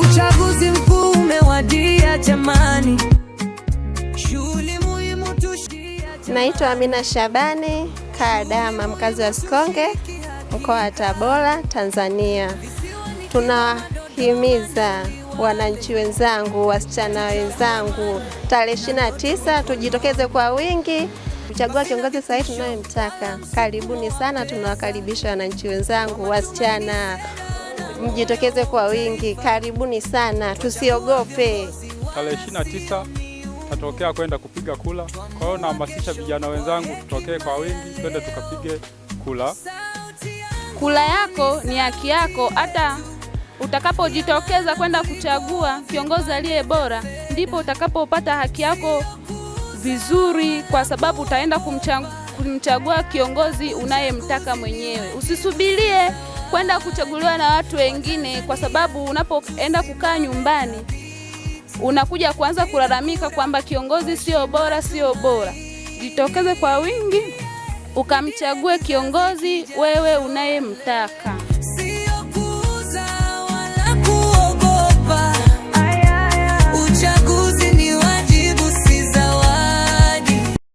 Uchaguzi mkuu umewadia jamani. Shughuli muhimu tushia. Naitwa Amina Shabani Kaadama, mkazi wa Sikonge, mkoa wa Tabora, Tanzania. Tunawahimiza wananchi wenzangu, wasichana wenzangu, tarehe 29 tujitokeze kwa wingi kuchagua kiongozi sahihi tunayemtaka. Karibuni sana, tunawakaribisha wananchi wenzangu, wasichana mjitokeze kwa wingi, karibuni sana, tusiogope. Tarehe 29 tatokea kwenda kupiga kula. Kwa hiyo nahamasisha vijana wenzangu tutokee kwa wingi, twende tukapige kula. Kula yako ni haki yako. Hata utakapojitokeza kwenda kuchagua kiongozi aliye bora, ndipo utakapopata haki yako vizuri, kwa sababu utaenda kumchagua kiongozi unayemtaka mwenyewe. Usisubirie kwenda kuchaguliwa na watu wengine, kwa sababu unapoenda kukaa nyumbani unakuja kuanza kulalamika kwamba kiongozi sio bora, sio bora. Jitokeze kwa wingi ukamchague kiongozi wewe unayemtaka.